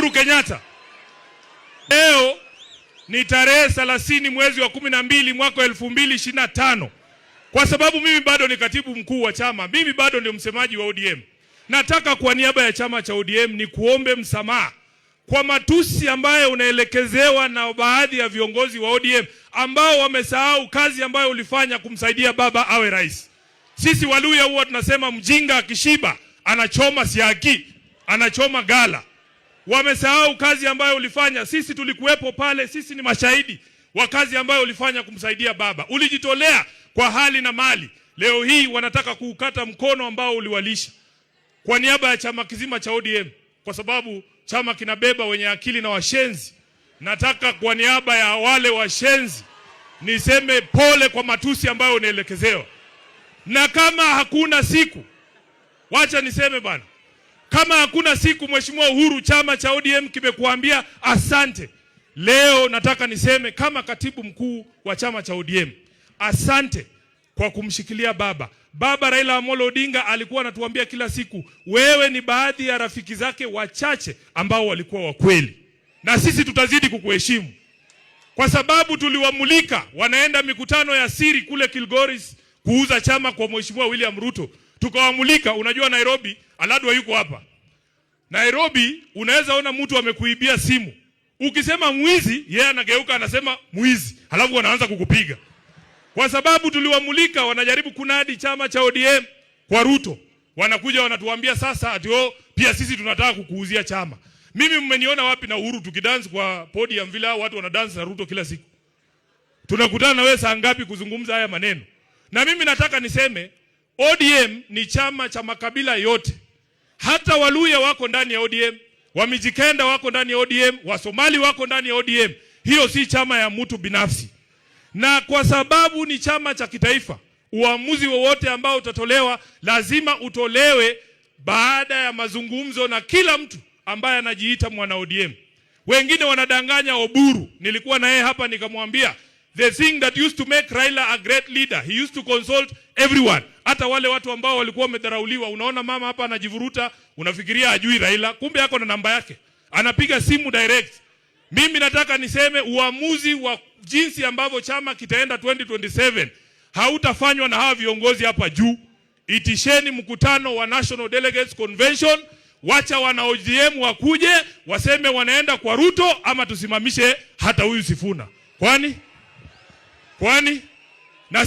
Uhuru Kenyatta. Leo ni tarehe 30 mwezi wa 12 mwaka 2025. Kwa sababu mimi bado ni katibu mkuu wa chama, mimi bado ndio msemaji wa ODM. Nataka kwa niaba ya chama cha ODM ni kuombe msamaha kwa matusi ambayo unaelekezewa na baadhi ya viongozi wa ODM ambao wamesahau kazi ambayo ulifanya kumsaidia baba awe rais. Sisi Waluya huwa tunasema mjinga akishiba anachoma siaki, anachoma gala. Wamesahau kazi ambayo ulifanya. Sisi tulikuwepo pale, sisi ni mashahidi wa kazi ambayo ulifanya kumsaidia baba. Ulijitolea kwa hali na mali. Leo hii wanataka kuukata mkono ambao uliwalisha kwa niaba ya chama kizima cha ODM, kwa sababu chama kinabeba wenye akili na washenzi. Nataka kwa niaba ya wale washenzi niseme pole kwa matusi ambayo unaelekezewa, na kama hakuna siku, wacha niseme bana, kama hakuna siku Mheshimiwa Uhuru chama cha ODM kimekuambia asante, leo nataka niseme kama katibu mkuu wa chama cha ODM, asante kwa kumshikilia baba. Baba Raila Amolo Odinga alikuwa anatuambia kila siku, wewe ni baadhi ya rafiki zake wachache ambao walikuwa wakweli, na sisi tutazidi kukuheshimu kwa sababu tuliwamulika wanaenda mikutano ya siri kule Kilgoris kuuza chama kwa Mheshimiwa William Ruto tukawamulika. Unajua Nairobi, Aladwa yuko hapa Nairobi, unaweza ona mtu amekuibia simu, ukisema mwizi, yeye yeah, anageuka anasema mwizi, halafu wanaanza kukupiga kwa sababu tuliwamulika. Wanajaribu kunadi chama cha ODM kwa Ruto, wanakuja wanatuambia sasa ati oh, pia sisi tunataka kukuuzia chama. Mimi mmeniona wapi na Uhuru tukidance kwa podium vile watu wanadance na Ruto kila siku? Tunakutana na wewe saa ngapi kuzungumza haya maneno? Na mimi nataka niseme ODM ni chama cha makabila yote, hata Waluya wako ndani ya ODM, Wamijikenda wako ndani ya ODM, Wasomali wako ndani ya ODM. Hiyo si chama ya mtu binafsi, na kwa sababu ni chama cha kitaifa, uamuzi wowote ambao utatolewa lazima utolewe baada ya mazungumzo na kila mtu ambaye anajiita mwana ODM. Wengine wanadanganya Oburu, nilikuwa na yeye hapa nikamwambia the thing that used to make Raila a great leader, he used to consult everyone, hata wale watu ambao walikuwa wamedharauliwa. Unaona mama hapa anajivuruta, unafikiria ajui Raila, kumbe yako na namba yake, anapiga simu direct. Mimi nataka niseme uamuzi wa jinsi ambavyo chama kitaenda 2027 hautafanywa na hawa viongozi hapa juu. Itisheni mkutano wa National Delegates Convention, wacha wana ODM wakuje waseme wanaenda kwa Ruto ama tusimamishe hata huyu Sifuna, kwani Pwani na